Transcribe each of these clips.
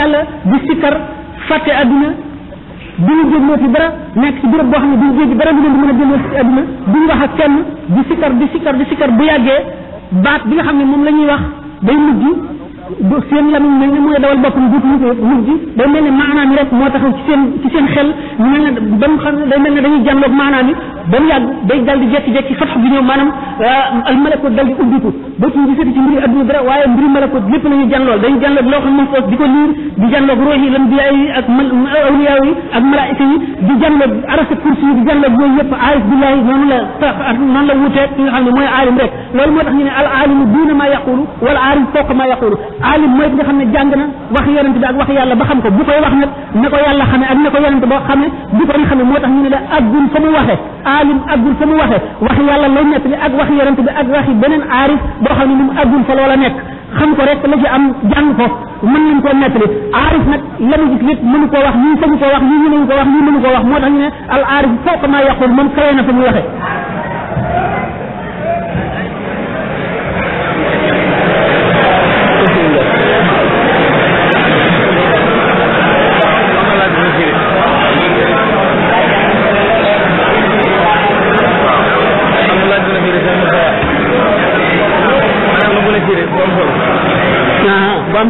yàlla di sikkar fàtte adduna du ñu jégloo ci dara nekk bu béréb boo xam bu duñu jéggi dara lu leen di mën a jégloo ci adduna duñu wax ak kenn a sikkar di sikkar di sikkar bu yàggee baat bi nga xam ne moom la ñuy wax day mujj seen lamiñ mu ne mooy dawal boppam duutu ñu mujj day mel ne maanaam yi rek moo taxaw ci seen ci seen xel ñu ne ba mu xam ne day mel ne dañuy jànloog maanaam yi ba mu yàgg day dal di jekki-jekki fatx gi ñëw maanaam euh, almalakut dal di ubbiku ba ci gisati ci mbiri aduna dara waaye mbiri malakut lépp la ñuy jàllool dañu jàlloog loo xam mahfoos di ko liir di jàlloog roox yi lan bi ay ak awliya yi ak malaayika yi di jàlloog arasa kursi yi di jàlloog yooyu yëpp aarif billahi noonu la saf noonu la wutee ki nga xam ne mooy aalim rek loolu moo tax ñu ne al aalimu duuna ma yaqulu wal aalim fooq ma yaqulu aalim mooy ki nga xam ne jàng na wax yonent bi ak wax yàlla ba xam ko bu koy wax nag na ko yàlla xame ak na ko yonent boo xame bu ko xame moo tax ñu ne la aggul fa mu waxe aalim aggul fa mu waxe wax yàlla lay nettali ak wax yonent bi ak waxi beneen aarif boo xam ne ni mu àggul fa loola nekk xam ko rek la ci am jàng ko mën nañ koo nettali aarif nag la mu gis lépp mënu koo wax ñii sañu koo wax ñii mënuñu koo wax ñii mënu koo wax moo tax ñu ne al aarif fooqa maa yaqul moom kawe na fa muy waxee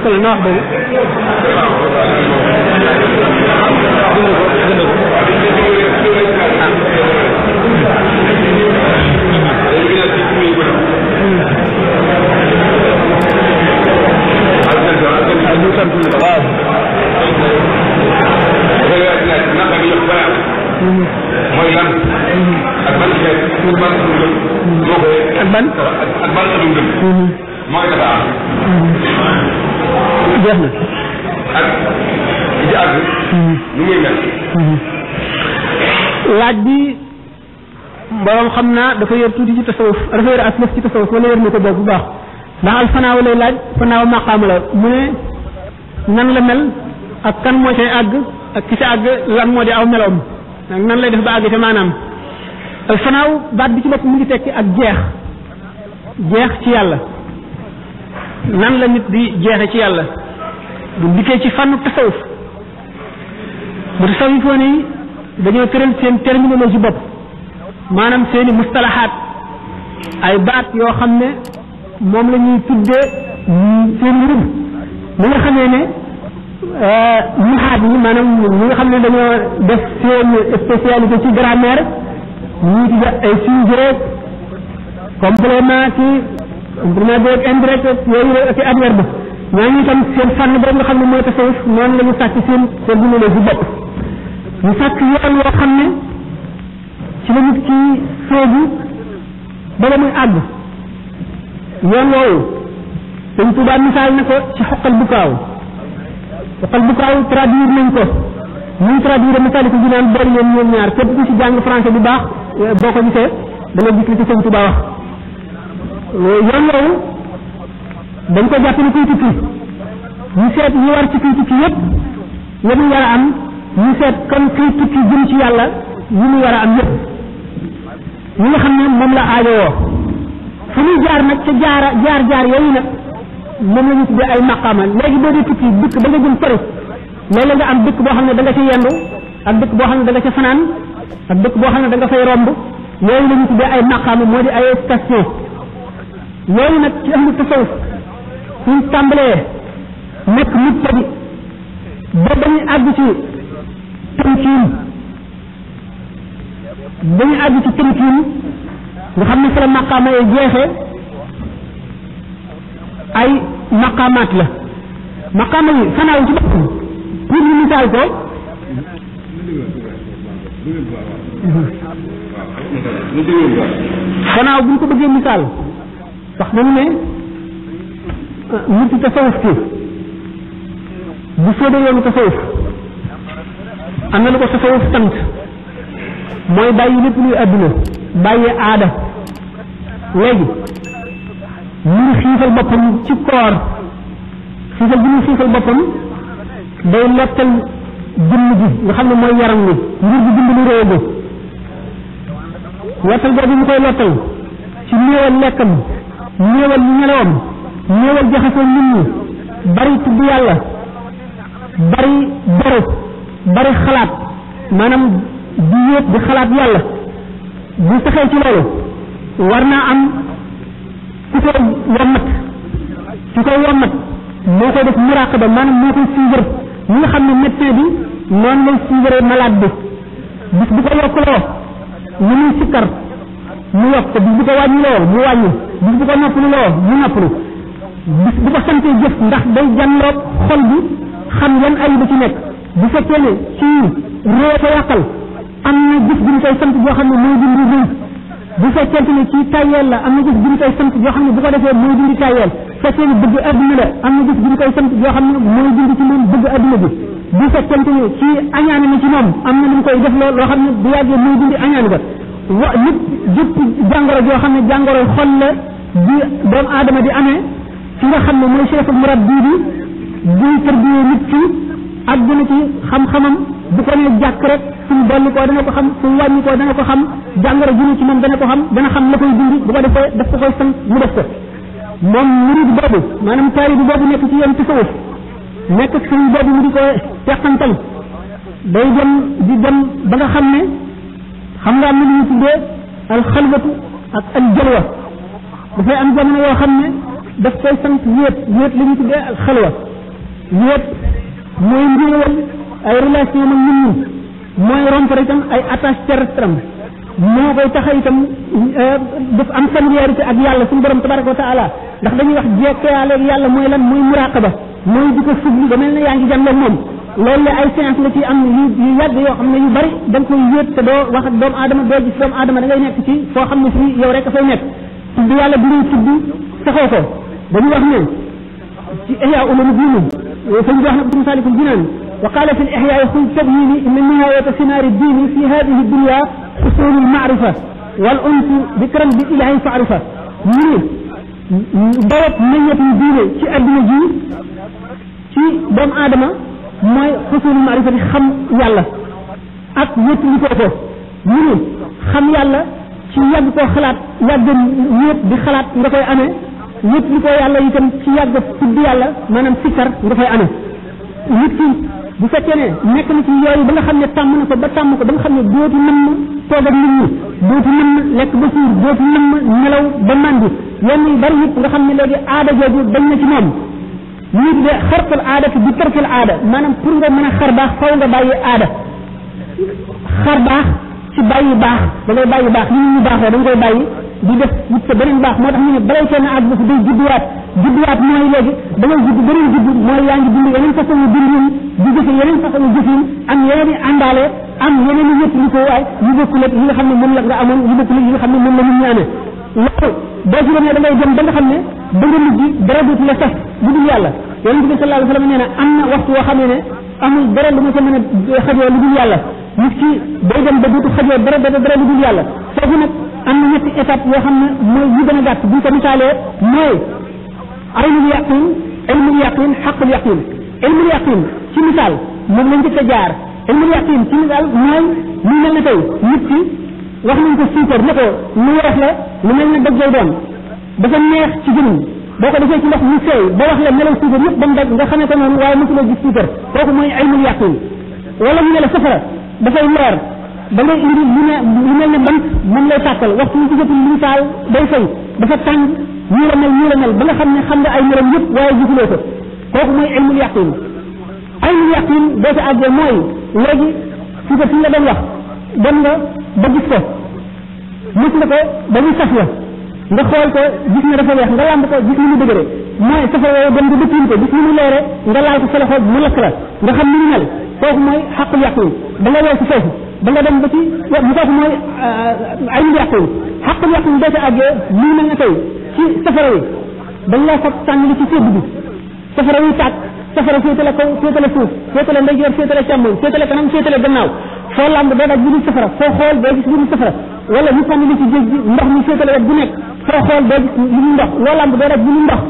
انت اللي ناخده Mm-hmm. jeex na. Mhm. Mhm. laaj bi borom xam naa dafa yor tuuti ci tasawuf dafa yor asnaf ci tasawuf wala yor na ko boobu baax ndax al fanaaw lay laaj fanaaw maqaama la mu ne nan la mel ak kan moo cay àgg ak ki ca àgg lan moo di aw meloom ak nan lay def ba àgg ca maanaam fanaaw baat bi ci bopp mu ngi tekki ak jeex jeex ci yàlla nan la nit bi jeexe ci yàlla bu dikkee ci fànnu tasawuf mu tasawifoon yi dañoo tëral seen terminologie bopp maanaam seeni mustalahaat ay baat yoo xam ne moom la ñuy tuddee seen mbirum li nga xamee ne euh, muhaat yi maanaam mu nga xam ne dañoo def seen spécialité ci grammaire ñuy tudde ay sujet complément ci complément direct indirect yooyu ak adverbe ñooñu itam seen fànn boobu nga xam ne mooy tasawuf noonu la ñu sàkk seen seen dundale bu bopp ñu sàkk yoon woo xam ne ci la nit ci soobu ba ba muy àgg yoon woowu dañ tuubaa misaal na ko ci xoqal bu kaaw xoqal bu kaaw traduire nañ ko muy traduire misaal ko ginaan boole leen ñoom ñaar képp ku ci jàng français bu baax eh, boo ko gisee da nga gis li ci sëñ Tuubaa wax yoon woowu dañ ko jàpp ne kuy tukki ñu seet ñu war ci kuy tukki yépp yépp ñu war am ñu seet kon kuy tukki jëm ci yàlla yi mu war a am yépp ñi nga xam ne moom la aajowoo fu ñuy jaar nag ca jaara jaar jaar yooyu nag moom la ñu tuddee ay maqaama léegi boo dee tukki dëkk ba nga jëm sori léeg-léeg nga am dëkk boo xam ne da nga ca yendu ak dëkk boo xam ne da nga ca fanaan ak dëkk boo xam ne da nga fay romb yooyu la ñu tuddee ay maqaama moo di ay station yooyu nag ci am ñu tàmbalee nekk mu tëj ba dañu àgg ci tënkiin dañu àgg ci tënkiin nga xam ne fa la maqaama yi jeexee ay maqaamaat la maqaama yi fanaaw ci boppam pour ñu misaal ko fanaaw bu ñu ko bëggee misaal wax nañu ne nit ci tasawuf ki bu sóobe yoonu tasawuf am na lu ko tasawuf sant mooy bàyyi lépp luy àdduna bàyyi aada léegi mu ngi xiifal boppam ci koor xiifal bi xiifal boppam day lettal jëmm ji nga xam ne mooy yaram ni ngir bi dimbali bi lettal boobu mu koy ci néewal lekkam néewal ñelewam ñëwal jaxaso nit ñi bari tuddu yàlla bari boru bari xalaat maanaam di yéeg di xalaat yàlla bu saxee ci loolu war naa am ku koy wommat ku koy wommat moo koy def muraqaba maanaam moo koy suivre ñi nga xam ne médecin bi noonu lay suivre malade bi bis bu ko yokkuloo ni muy sikkar mu yokk bis bu ko wàññiloo mu wàññi bis bu ko noppuloo mu noppalu bu ko santee jëf ndax day jànloog xol bi xam yan ayiba ci nekk bu fekkee ne ci réew ko yàqal am na jëf bi ñu koy sant joo xam ne mooy dindi rëy bu fekkente la am na jëf xam ne bu ko defee mooy dindi tayeel fekkee ne bëgg adduna la am na jëf bi ñu koy sant joo xam ne mooy dindi ci moom bëgg adduna bi bu fekkente ne ci añaane na ci moom am na lu mu koy def loo loo xam ne bu yàggee mooy dindi xam ne jàngoro xol la bi doomu aadama di amee ki nga xam ne mooy cheikhul murabbi bi buy tërbiyee nit ki àdduna ci xam-xamam bu ko ne jàkk rek suñu dolli koo dana ko xam suñu wàññi koo dana ko xam jàngoro ji ci moom dana ko xam dana xam la koy dindi bu ko defee daf ko koy sant mu def ko moom murid boobu maanaam taalibe boobu nekk ci yoon tasawuf nekk suñu boobu mu di ko teqantal day dem di dem ba nga xam ne xam nga am na lu ñu tuddee al xalwatu ak al jalwa dafay am jamono yoo xam ne daf koy sant wéet wéet li ñu tuddee ak xalwa wéet mooy njëriñam ay relation ak nit ñi mooy rompre itam ay attache terrestre am moo koy taxa itam euh, daf am familiarité ak yàlla suñu borom tabaraka wa taala ndax dañuy wax jekkeyaale ak yàlla mooy lan mooy muraqaba mooy di ko fuglu ba mel ne yaa ngi jàngal moom loolu la ay séance la ci am yu yu yàgg yoo xam ne yu bari da nga koy wéet te doo wax ak doomu aadama doo gis doomu aadama da ngay nekk ci foo xam ne fii yow rek a fay nekk tudd yàlla bi ñuy tudd saxoo ko dañu wax ne ci ihya ulul dinin sëñ bi wax na bu salikul jinan وقال في الإحياء خذ تبييني إن نهاية ثمار الدين في هذه الدنيا حصول المعرفة والأنس ذكرا بالإله فعرفة من دوت نية الدين في أدنى جي في دوم آدم ما حصول المعرفة خم يالله ak ñett li ko ñu xam yàlla ci yàgg koo xalaat yàgg ñëpp di xalaat nga koy amee nit li ko yàlla itam ci yàgg tudd yàlla maanaam sikkar nga fay amee nit ki bu fekkee ne nekk na ci yooyu ba nga xam ne tàmm na ko ba tàmm ko ba nga xam ne dootu mën na toog ak nit ñi dootu mën na lekk ba suur dootu mën na nelaw ba màndi yenn yu bari nga xam ne léegi aada jooju dañ na ci moom nit de xarfal aada fi bi tarfal aada maanaam pour nga mën a xar baax faw nga bàyyi aada xar baax ci bàyyi baax da ngay bàyyi baax li nit ñi baaxoo da nga koy bàyyi di def wut sa beneen baax moo tax ñu ne balay kenn ak bu day judduwaat judduwaat mooy léegi da ngay judd beneen judd mooy yaa ngi dund yeneen façon dundin di jëfe yeneen façon jëfin am yeneen i àndaale am yeneen i ñett li ko waay yu bokkul ak yi nga xam ne moom la nga amoon yu bokkul ak yi nga xam ne moom la nit ñi amee loolu boo ci demee da ngay dem ba nga xam ne da nga mujj dara dootu la saf lu dul yàlla yonente bi sallallahu alayhi wa sallam nee na am na waxtu woo xam ne ne amul dara lu ma sa mën a xajoo lu dul yàlla nit ki day dem ba dootu xajoo dara dara dara lu dul yàlla foofu nag man na ñetti étape yoo xam ne mooy ñu gën a gàtt buñ ko misaalee mooy aynul yaqin ilmul yaqin xaqul yaqin ilmul yaqin ci misaal moom la njëkk a jaar ilmul yaqin ci misaal mooy lu mel ne tey nit ki wax nañ ko suukar ne ko lu weex la lu ma ne dëgg lay doon dafa neex ci jëmm boo ko defee ci ndox mu seey ba wax la melal suukar yëpp ba mu daj nga xamee ko noonu waaye mosuloo gis suukar kooku mooy ilmul yaqin wala ñu ne la safara dafay leer da ngay indi lu ne lu mel ne ban moom lay tàkkal waxtu wi ci jotul lu taal day fay dafa tàng nii la mel nii la mel ba nga xam ne xam nga ay mbiram yëpp waaye gisuloo ko kooku mooy ilmul yaqin ilmul yaqin boo ci àggee mooy léegi su ko fi nga doon wax dem nga ba gis ko gis na ko ba ñu saf la nga xool ko gis ne dafa weex nga làmb ko gis ni mu dëgëre mooy safara yooyu dem nga dëppiin ko gis ni mu leere nga laal ko sa loxo mu lakk la nga xam ni mu mel kooku mooy xaqul yaqin da nga woo ba nga dem ba ci mu foofu mooy ay mbir yàqu xàq yàqu doo ca àggee lii mel na tey ci safara yi dañ laa fab sànni ci sédd bi safara yi tàkk safara féetale kaw féetale suuf féetale ndeyjoor féetale càmmoñ féetale kanam féetale gannaaw foo làmb doo daj jubul safara foo xool doo gis jubul safara wala ñu sànni li ci géej gi ndox mi féetale wet bu nekk foo xool doo gis lu ndox loo làmb doo daj jubul ndox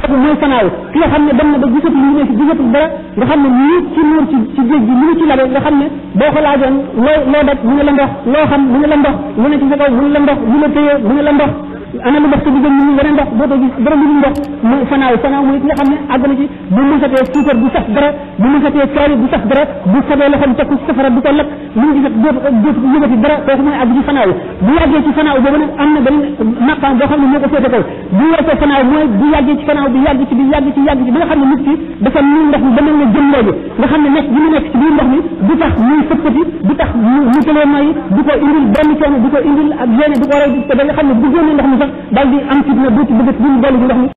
kooku mooy fanaaru ki nga xam ne dem na ba gisatul lu ne si gisatul dara nga xam ne ñu ci nuur ci ci géej gi lu ci labe nga xam ne boo ko laajoon loo loo daj mu ne la ndox loo xam mu ne la ndox lu ne ci sa kaw mu ne la ndox lu la téye mu ne la ndox ana lu def ci digël ñu wara ndox do do gis borom ñu ndox mu fanaaw fanaaw muy nga xamne agna ci bu mu xaté suukar bu sax dara bu mu xaté kaari bu sax dara bu xaté loxam tekku safara du ko lak mu ngi sax do do yëbati dara ko moy ag ci fanaaw bu yagge ci fanaaw bobu nak amna ben maqam bo xamne moko fété ko bu yagge fanaaw moy bu yagge ci fanaaw bi yagge ci bi yagge ci yagge ci bi nga xamne nit ki dafa ñu ndox mi dama nga jëm legi nga xamne nek bi mu nek ci biir ndox mi du tax muy fëkkati du tax mu télé may du ko indil ben coono du ko indil ak yene du ko ray du ko nga xamne bu gënal ndox mi nag daal di am fitna dootu bëgg a dund dellu ci ndox mi